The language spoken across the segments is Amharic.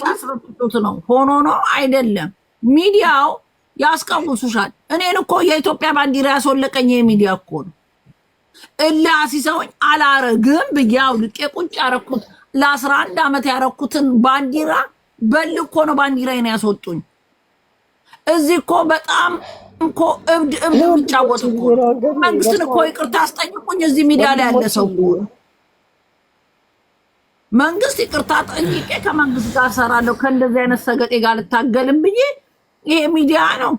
ሳስረቱት ነው ሆኖ ነው አይደለም። ሚዲያው ያስቀውሱሻል። እኔን እኮ የኢትዮጵያ ባንዲራ ያስወለቀኝ የሚዲያ እኮ ነው። እላ ሲሰውኝ አላረግም ብያው ልቄ ቁጭ ያረኩት ለአስራ አንድ ዓመት ያረኩትን ባንዲራ በል እኮ ነው ባንዲራዬን ያስወጡኝ። እዚህ እኮ በጣም እኮ እብድ እብድ የሚጫወት እኮ መንግስትን እኮ ይቅርታ አስጠይቁኝ። እዚህ ሚዲያ ላይ ያለ ሰው መንግስት ይቅርታ ጠይቄ ከመንግስት ጋር ሰራለሁ ከእንደዚህ አይነት ሰገጤ ጋር ልታገልም ብዬ ይሄ ሚዲያ ነው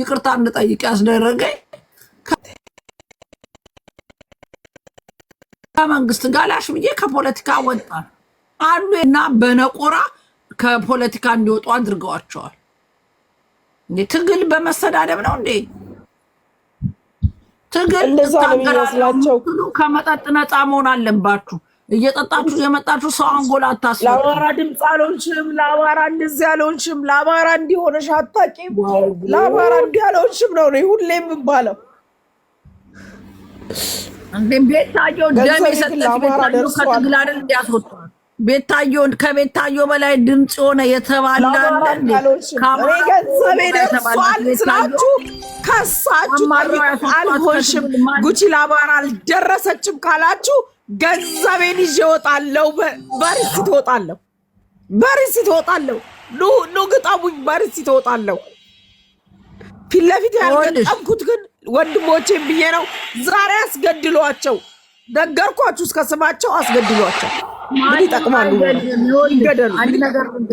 ይቅርታ እንድጠይቅ ያስደረገኝ። ከመንግስት ጋር ላሽ ብዬ ከፖለቲካ ወጣ አሉ እና በነቆራ ከፖለቲካ እንዲወጡ አድርገዋቸዋል። ትግል በመሰዳደብ ነው እንዴ? ትግል ከመጠጥ ነፃ መሆን አለባችሁ። እየጠጣችሁ የመጣችሁ ሰው አንጎላ አታስ ለአማራ ድምፅ አልሆንሽም። ለአማራ እንደዚህ አልሆንሽም። ለአማራ እንዲሆነሽ አታቂም። ለአማራ እንዲህ አልሆንሽም ነው ሁሌ የምባለው። ቤታዮ ደም በላይ ድምፅ የሆነ የተባለ ስላችሁ ከሳችሁ አልሆንሽም። ጉቺ ለአማራ አልደረሰችም ካላችሁ ገንዘቤን ይዤ እወጣለሁ። በርሲ ትወጣለሁ፣ በርሲ ትወጣለሁ። ኑ ግጠሙኝ፣ በርሲ ትወጣለሁ። ፊት ለፊት ያልገጠምኩት ግን ወንድሞቼን ብዬ ነው። ዛሬ አስገድሏቸው፣ ነገርኳችሁ፣ እስከ ስማቸው አስገድሏቸው። ምን ይጠቅማሉ? ይገደሉ።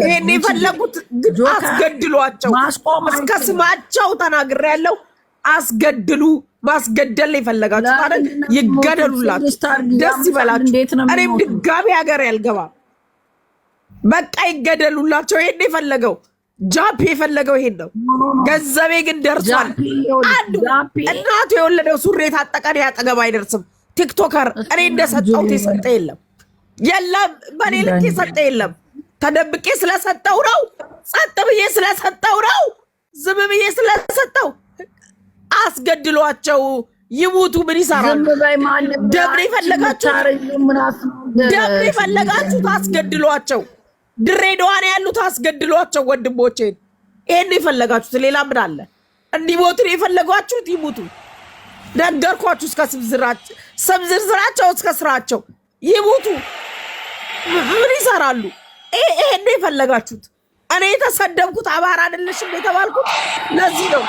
ይሄን የፈለጉት ግን አስገድሏቸው። እስከ ስማቸው ተናግሬያለሁ። አስገድሉ። ማስገደል የፈለጋችሁ ማለት ይገደሉላችሁ፣ ደስ ይበላችሁ። እኔም ድጋሚ ሀገር ያልገባ በቃ ይገደሉላቸው። ይሄን የፈለገው ጃፒ የፈለገው ይሄን ነው። ገንዘቤ ግን ደርሷል። አንዱ እናቱ የወለደው ሱሪ የታጠቀ ያጠገብ አጠገብ አይደርስም። ቲክቶከር እኔ እንደሰጠሁት የሰጠ የለም የለም፣ በእኔ ልክ የሰጠ የለም። ተደብቄ ስለሰጠው ነው፣ ጸጥ ብዬ ስለሰጠው ነው፣ ዝም ብዬ ስለሰጠው አስገድሏቸው ይሙቱ። ምን ይሰራሉ? ደብሬ ፈለጋችሁ ደብሬ ፈለጋችሁ ታስገድሏቸው። ያሉት፣ አስገድሏቸው ወንድሞቼን። ይህን የፈለጋችሁት። ሌላ ምን አለ? እንዲሞቱ የፈለጓችሁት። ይሙቱ። ነገርኳችሁ። እስከ ስብዝርዝራቸው እስከ ስራቸው ይሙቱ። ምን ይሰራሉ? ይህን የፈለጋችሁት። እኔ የተሰደብኩት አማራ አይደለሽም የተባልኩት ለዚህ ነው።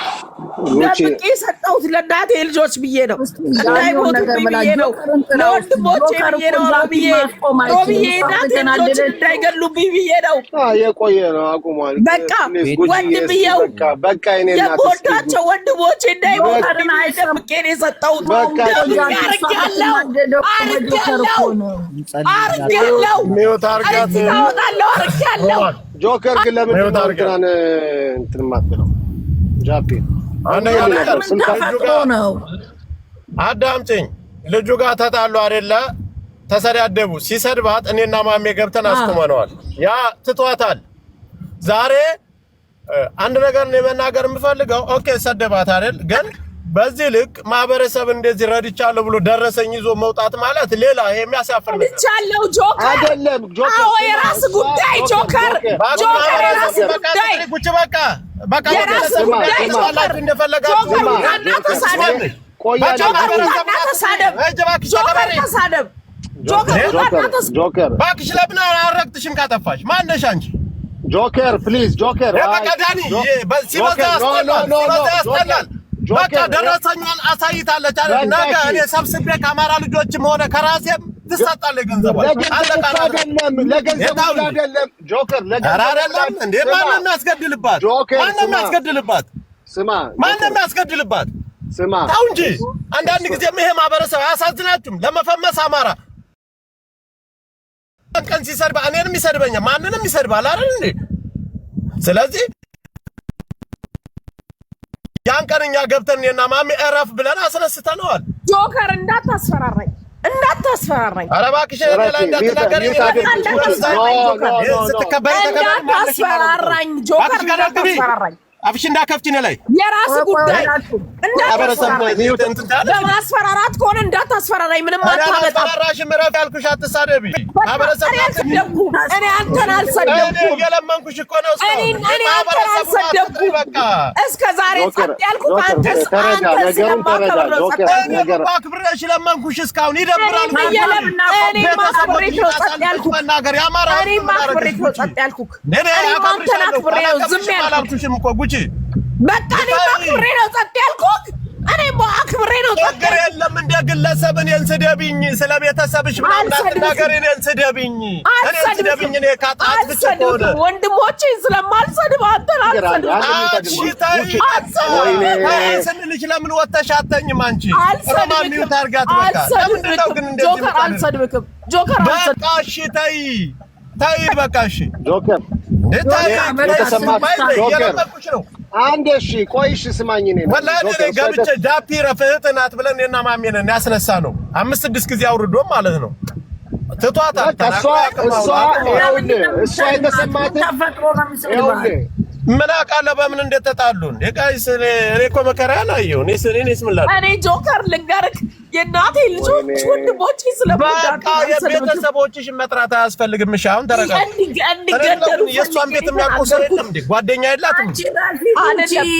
ደብቄ ሰጠሁት ለእናቴ ልጆች ብዬ ነው፣ እንዳይሞቱብኝ ብዬ ነው፣ ለወንድሞቼ ብዬ ነው፣ ብዬ ብዬ እናቴ ልጆች እንዳይገሉብኝ ብዬ ነው። የቆየ ነው አቁሟል። በቃ ወንድምየው የምወዳቸው ወንድሞቼ እንዳይሞቱብኝ ደብቄ ነው የሰጠሁት። አርጌያለሁ፣ አርጌያለሁ፣ አርጌያለሁ፣ አርጌያለሁ። ጆከር ግን ለምንድን ነው እንትን ማትለው ጃፒ አንደኛ ነገር ነው። አዳምጪኝ። ልጁ ጋር ተጣሉ አይደለ? ተሰዳደቡ። ሲሰድባት እኔና ማሜ ገብተን አስቁመነዋል። ያ ትቷታል። ዛሬ አንድ ነገር ነው የመናገር የምፈልገው። ኦኬ ሰደባት አይደል? ግን በዚህ ልክ ማህበረሰብ እንደዚህ ረድቻለሁ ብሎ ደረሰኝ ይዞ መውጣት ማለት ሌላ የሚያሳፍር ነው። ረድቻለሁ ጆከር አይደለም። የራስ ጉዳይ ጆከር ጆከር የራስ ጉዳይ ቁጭ በቃ በቃ እባክሽ ለምን አረግጥሽም? ካጠፋሽ ማነሽ አንቺ? ጆከር ፕሊዝ፣ ጆከር በቃ ዳኒ ሲበዛ ያስጠላል። በቃ ደረሰኛን አሳይታለች። ነገ እኔ ሰብስቤ ከአማራ ልጆችም ሆነ ከራሴም ትሰጣለህ ገንዘቧን። ለገንዘብ አይደለም ጆከር፣ አይደለም እንዴ? ማነው የሚያስገድልባት? ማነው የሚያስገድልባት? ስማ፣ ማነው የሚያስገድልባት? ስማ፣ ተው እንጂ። አንዳንድ ይሄ ማህበረሰብ አያሳዝናችሁም? ለመፈመስ አማራ ቀን ሲሰድባ እኔንም ይሰድበኛል፣ ማንንም ይሰድባል አይደል እንዴ? ስለዚህ ያን ቀን እኛ ገብተን እኔና እረፍ ብለን አስነስተነዋል። ጆከር እንዳታስፈራራኝ እንዳታስፈራራኝ እንዳታስፈራራኝ ጆከር እንዳታስፈራራኝ አፍሽ እንዳከፍቺ ነው ላይ የራስ ጉዳይ በማስፈራራት ከሆነ እንዳታስፈራራኝ። ምንም አታመጣም። ምረፍ ያልኩሽ አትሳደቢ። እኔ አንተን አልሰደብኩም። የለመንኩሽ እኮ ነው። እኔ አንተን አልሰደብኩም። እስከ ዛሬ ጸጥ ያልኩት አንተ ስለማከብር ነው። አክብሬሽ ለመንኩሽ። እስካሁን ይደብራል። እኔማ አክብሬሽ ነው ጸጥ ያልኩት። እኔማ አክብሬሽ ነው ጸጥ ያልኩት። እኔማ አንተን አክብሬ ነው ዝም ያልኩት። ውጪ። በቃ እኔ አክብሬ ነው ጸጥ ያልኩት። እኔ አክብሬ ነው ጸጥ የለም እንደ ግለሰብ እኔን ስደቢኝ፣ ስለ ቤተሰብሽ ምናምን ነገር እኔን ስደቢኝ፣ እኔን እኔ ካጣት ብቻ ወንድሞቼ ስለማልሰድብ አንተን አልሰድብ። ታይ ስንልሽ ለምን ወተሽ አተኝም? አንቺ ግን ጆከር አልሰድብክም። ጆከር በቃ እሺ ተይ ተይ፣ በቃ እሺ ጆከር አንድ እሺ፣ ቆይ እሺ፣ ስማኝ ነኝ ወላሂ ገብቼ ጃፒ ረፍት ናት ብለን እኔና ማሜ ያስነሳ ነው። አምስት ስድስት ጊዜ አውርዶ ማለት ነው ትቷታል። ምን አውቃለሁ በምን እንደተጣሉን። እኔ እኮ መከራዬን አየሁ። እኔ ጆከር ልንገርህ የእናቴ ልጆች ወንድሞች ስለቤተሰቦችሽን መጥራት አያስፈልግም። አሁን የእሷን ቤት የሚያውቁ ሰው የለም ጓደኛ የላትም?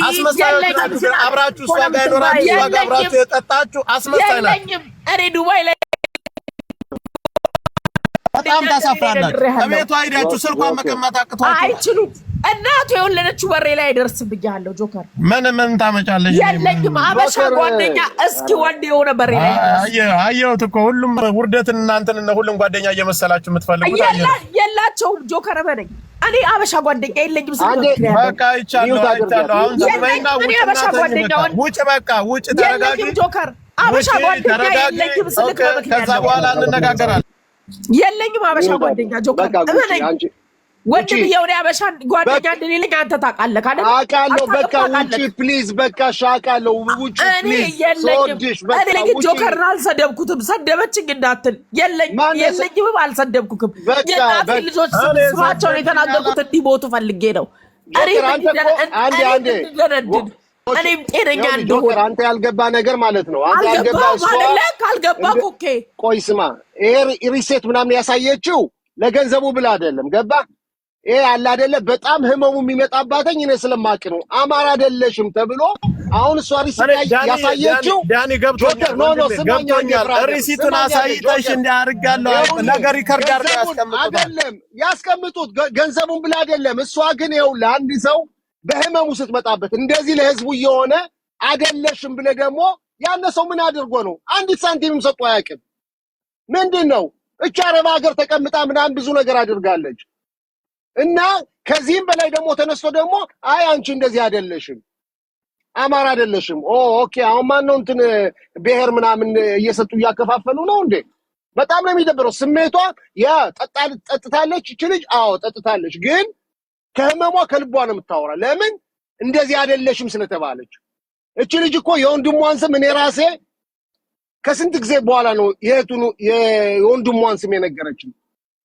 አስመሳዮች ናችሁ። አብራችሁ እሷ ጋር ይኖራችሁ፣ እሷ ጋር አብራችሁ የጠጣችሁ አስመሳይ ናችሁ። እኔ ዱባይ ላይ በጣም ታሳፍራላችሁ። ከቤቷ አይዳችሁ ስልኳን መቀማት አቅቷችሁ አይችሉም። እናቱ የወለደችው በሬ ላይ አይደርስም ብያለሁ። ጆከር ምን ምን ታመጫለሽ? የለኝም አበሻ ጓደኛ እስኪ ወንድ የሆነ በሬ ላይ አየሁት እኮ ሁሉም ውርደትን እናንተን ሁሉም ጓደኛ እየመሰላችሁ የምትፈልጉት የላቸውም። ጆከር በለኝ እኔ አበሻ ጓደኛ የለኝም። በቃ ይቻለሁ፣ አይቻለሁ። አሁን ዘመና ውጭ፣ በቃ ውጭ፣ ተረጋጊ። ጆከር አበሻ ጓደኛ የለኝም። ስልክ ከዛ በኋላ እንነጋገራለን። የለኝም አበሻ ጓደኛ ጆከር እመነኝ። ወንድ ብዬ ወደ አበሻ ጓደኛ እንደሌለኝ አንተ ታውቃለህ አውቃለሁ። በቃ ውጪ ፕሊዝ፣ በቃ ሻቃለሁ። ውጪ እኔ የለኝም። እኔ ግን ጆከርን አልሰደብኩትም። ሰደበችኝ እንዳትል፣ የለኝም፣ አልሰደብኩትም። የናት ልጆች ስማቸውን የተናገርኩት እንዲሞቱ ፈልጌ ነው። እኔ እንደነድድ እኔም ጤነኛ እንደሆነ አንተ ያልገባ ነገር ማለት ነው። አንተ ያልገባ ካልገባ ኦኬ፣ ቆይ ስማ፣ ይሄ ሪሴት ምናምን ያሳየችው ለገንዘቡ ብላ አይደለም። ገባ ይሄ አለ አይደለ? በጣም ህመሙ የሚመጣባተኝ እኔ ስለማቅ ነው። አማራ አይደለሽም ተብሎ አሁን እሷ ሪሲት ያሳየችው ዳኒ ገብቶኛል። ኖ ኖ ስማኛኛል። ሪሲቱን አሳይተሽ እንዲያርጋለሁ ነገር ይከርዳር ያስቀምጡት አይደለም፣ ያስቀምጡት ገንዘቡን ብላ አይደለም። እሷ ግን ይኸውልህ አንድ ሰው በህመሙ ስትመጣበት እንደዚህ ለህዝቡ እየሆነ አደለሽም ብለ ደግሞ ያነ ሰው ምን አድርጎ ነው? አንዲት ሳንቲምም ሰጡ አያውቅም። ምንድን ነው እች አረብ ሀገር ተቀምጣ ምናምን ብዙ ነገር አድርጋለች። እና ከዚህም በላይ ደግሞ ተነስቶ ደግሞ አይ አንቺ እንደዚህ አደለሽም፣ አማራ አደለሽም። ኦ ኦኬ። አሁን ማን ነው እንትን ብሔር ምናምን እየሰጡ እያከፋፈሉ ነው እንዴ? በጣም ነው የሚደብረው ስሜቷ። ያ ጠጥታለች እች ልጅ። አዎ ጠጥታለች ግን ከህመሟ ከልቧ ነው የምታወራ። ለምን እንደዚህ አይደለሽም ስለተባለች እች ልጅ እኮ የወንድሟን ስም እኔ ራሴ ከስንት ጊዜ በኋላ ነው የእህቱን የወንድሟን ስም የነገረችን።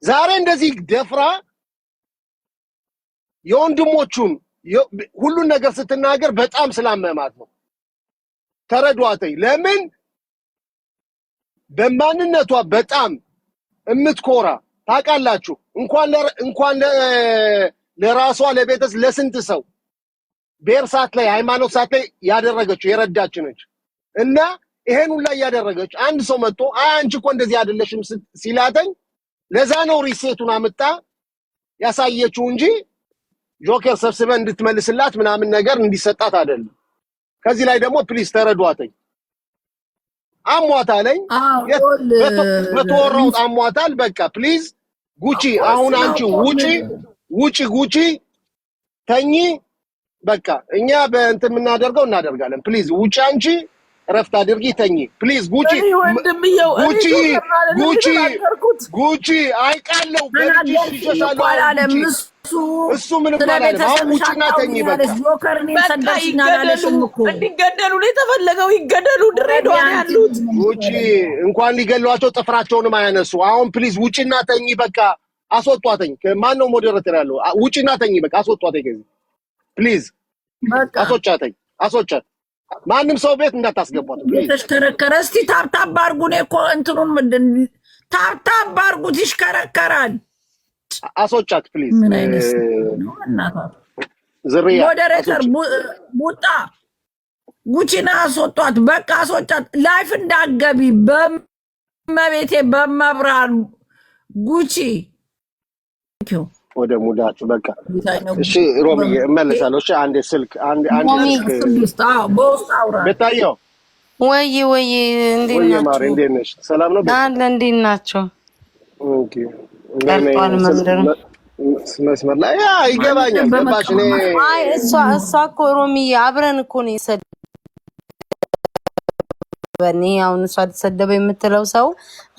ዛሬ እንደዚህ ደፍራ የወንድሞቹን ሁሉን ነገር ስትናገር በጣም ስላመማት ነው። ተረዷተኝ። ለምን በማንነቷ በጣም እምትኮራ ታውቃላችሁ። እንኳን እንኳን ለራሷ ለቤተስ ለስንት ሰው ብሔር ሳት ላይ ሃይማኖት ሳት ላይ ያደረገችው የረዳች ነች እና ይሄን ሁላ እያደረገች አንድ ሰው መጥቶ አይ አንቺ እኮ እንደዚህ አይደለሽም ሲላተኝ ለዛ ነው ሪሴቱን አምጣ ያሳየችው እንጂ ጆኬር ሰብስበ እንድትመልስላት ምናምን ነገር እንዲሰጣት አይደለም። ከዚህ ላይ ደግሞ ፕሊስ ተረዷተኝ። አሟታለኝ በተወራው አሟታል። በቃ ፕሊዝ ጉቺ አሁን አንቺ ውጪ ውጪ ጉጪ ተኚ። በቃ እኛ በእንትን የምናደርገው እናደርጋለን። ፕሊዝ ውጭ አንቺ እረፍት አድርጊ ተኚ። ፕሊዝ ጉጪ ጉጪ ጉጪ ጉጪ አይቃለው እሱ ተኚ። እንዲገደሉ ነው የተፈለገው። ይገደሉ፣ ድሬዳዋ ያሉት እንኳን ሊገሏቸው ጥፍራቸውንም አያነሱ። አሁን ፕሊዝ ውጪና ተኚ በቃ አስወጧተኝ። ማን ነው ሞዴሬተር ያለው? ውጪና እናተኝ። በቃ አስወጧተኝ ከዚህ ፕሊዝ። አስወጫተኝ፣ አስወጫት። ማንም ሰው ቤት እንዳታስገቧት ተሽከረከረ። እስቲ ታብታብ አድርጉ። እኔ እኮ እንትኑን ምንድን ታብታብ አድርጉት፣ ይሽከረከራል። አስወጫት ፕሊዝ። ምን አይነት ዝርያ ሞዴሬተር ቡጣ ጉቺና አስወጧት። በቃ አስወጫት። ላይፍ እንዳገቢ በመቤቴ በመብራን ጉቺ ወደ ሙዳችሁ በቃ እሺ፣ ሮሚ እመለሳለሁ። እሺ፣ አንድ ስልክ አንድ ስልክ ቤታየው ወይ ወይ፣ እንዴት ነሽ? ሰላም ነው አለ። እንዴት ናቸው? መስመር ላይ ይገባኛል። ገባሽ? እሷ እኮ አብረን እኮ ነው በኔ አሁን እሷ ተሰደበ የምትለው ሰው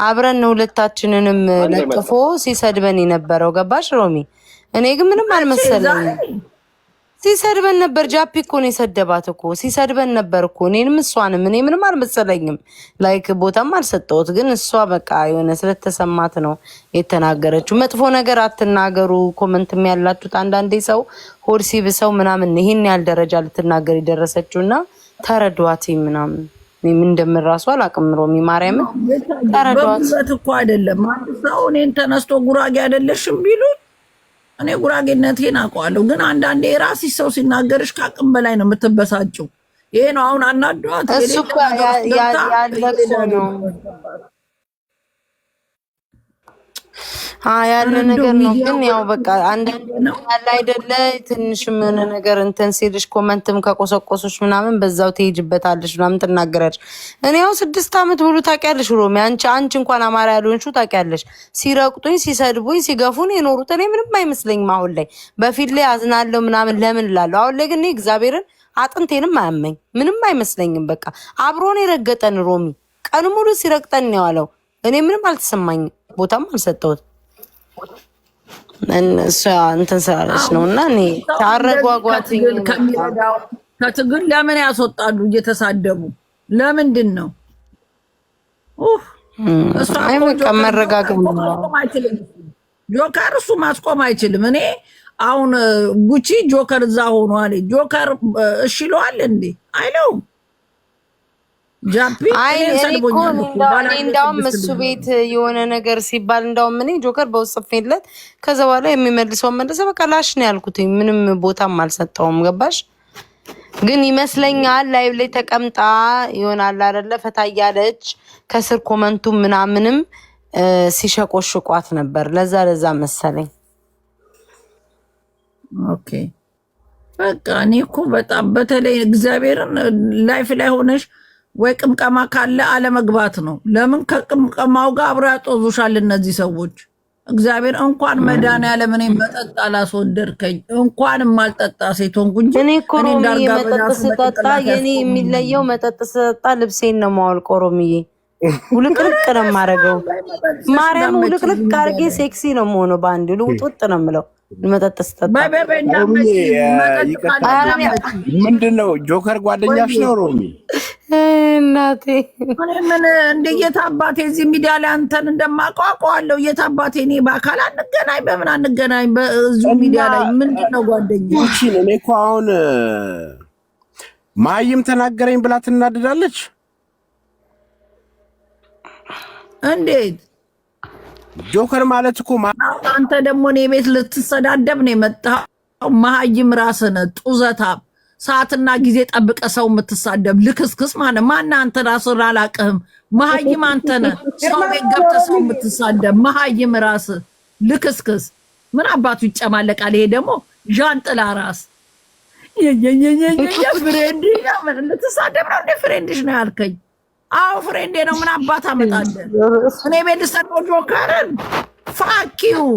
አብረን ነው ሁለታችንንም ለጥፎ ሲሰድበን የነበረው ገባሽ ሮሚ? እኔ ግን ምንም አልመሰለኝ። ሲሰድበን ነበር። ጃፒ እኮ ነው የሰደባት እኮ ሲሰድበን ነበር እኮ እኔንም እሷንም። እኔ ምንም አልመሰለኝም፣ ላይክ ቦታም አልሰጠሁት። ግን እሷ በቃ የሆነ ስለተሰማት ነው የተናገረችው። መጥፎ ነገር አትናገሩ። ኮመንትም ያላችሁት አንዳንዴ ሰው ሆድ ሲብሰው ምናምን ይሄን ያህል ደረጃ ልትናገር የደረሰችው እና ተረዷት ምናምን ምን እንደምራሱ አላቅም። ሮሚ ማርያምን በብዛት እኮ አይደለም። አንድ ሰው እኔን ተነስቶ ጉራጌ አይደለሽም ቢሉኝ እኔ ጉራጌነቴን አውቀዋለሁ። ግን አንዳንዴ የራስሽ ሰው ሲናገርሽ ከአቅም በላይ ነው የምትበሳጭው። ይሄ ነው አሁን አናዷት። እሱ ያለቅሶ ነው ያለ ነገር ነው። ግን ያው በቃ አንዳንድ ያለ አይደለ ትንሽ ምን ነገር እንትን ሲልሽ ኮመንትም ከቆሰቆሶች ምናምን በዛው ትሄጅበታለሽ ምናምን ትናገራለሽ። እኔ ያው ስድስት ዓመት ብሎ ታውቂያለሽ፣ ሮሚ አንቺ አንቺ እንኳን አማራ ያልሆንሽው ታውቂያለሽ። ሲረቅጡኝ፣ ሲሰድቡኝ፣ ሲገፉን የኖሩት እኔ ምንም አይመስለኝም። አሁን ላይ በፊት ላይ አዝናለሁ ምናምን ለምን እላለሁ። አሁን ላይ ግን እኔ እግዚአብሔርን አጥንቴንም አያመኝ ምንም አይመስለኝም። በቃ አብሮን የረገጠን ሮሚ ቀን ሙሉ ሲረግጠን ነው ያለው። እኔ ምንም አልተሰማኝም፣ ቦታም አልሰጠሁት እሷ እንትን ስላለች ነው እና እኔ ታረጓጓት ከትግል ለምን ያስወጣሉ? እየተሳደቡ ለምንድን ነው? ጆከር እሱ ማስቆም አይችልም። እኔ አሁን ጉቺ ጆከር እዛ ሆኗል። ጆከር እሺ ይለዋል እንዴ? አይለውም እንዲያውም እሱ ቤት የሆነ ነገር ሲባል እንዲያውም እኔ ጆከር በውስጥ ከዛ በኋላ የሚመልሰው መለሰ። በቃ ላሽ ነው ያልኩት፣ ምንም ቦታም አልሰጠውም። ገባሽ? ግን ይመስለኛል ላይቭ ላይ ተቀምጣ ይሆናል አይደለ? ፈታ እያለች ከስር ኮመንቱ ምናምንም ሲሸቆሽቋት ነበር። ለዛ ለዛ መሰለኝ። ኦኬ በቃ እኔ እኮ በጣም በተለይ እግዚአብሔርን ላይፍ ላይ ሆነሽ ወይ ቅምቀማ ካለ አለመግባት ነው። ለምን ከቅምቀማው ጋር አብረው ያጦዙሻል እነዚህ ሰዎች። እግዚአብሔር እንኳን መድኃኒዓለም እኔን መጠጥ አላስወደድከኝ። እንኳን የማልጠጣ ሴት ሆንኩ እንጂ እኔ እኮ ሮሚዬ መጠጥ ስጠጣ የኔ የሚለየው መጠጥ ስጠጣ ልብሴን ነው የማወልቀው። ሮሚዬ ውልቅልቅ ነው የማደርገው። ማርያም ውልቅልቅ አድርጌ ሴክሲ ነው የምሆነው። በአንድ ልውጥውጥ ነው የምለው መጠጥ ስጠጣ። ምንድን ነው ጆከር ጓደኛሽ ነው ሮሚ እናቴ ምን እንደ የታባቴ እዚህ ሚዲያ ላይ አንተን እንደማቋቋዋለሁ የታባቴ እኔ በአካል አንገናኝ በምን አንገናኝ በዙ ሚዲያ ላይ ምንድን ነው ጓደኛች? እኔ እኮ አሁን ማይም ተናገረኝ ብላ ትናድዳለች። እንዴት ጆከር ማለት እኮ አንተ ደግሞ እኔ ቤት ልትሰዳደብ ነው የመጣኸው። መሀይም ራስነ ጡዘታ ሰዓትና ጊዜ ጠብቀ ሰው የምትሳደብ ልክስክስ ማለት ማና አንተ? ራስህ አላቅህም። መሀይም አንተ ነህ። ሰው ቤት ገብተህ ሰው የምትሳደብ መሀይም ራስ ልክስክስ። ምን አባቱ ይጨማለቃል? ይሄ ደግሞ ዣንጥላ ራስ ፍሬንድ ልትሳደብ ነው እንዴ? ፍሬንድሽ ነው ያልከኝ? አዎ ፍሬንዴ ነው። ምን አባት አመጣለን? እኔ ቤት ልሰድቦ ጆከርን ፋኪው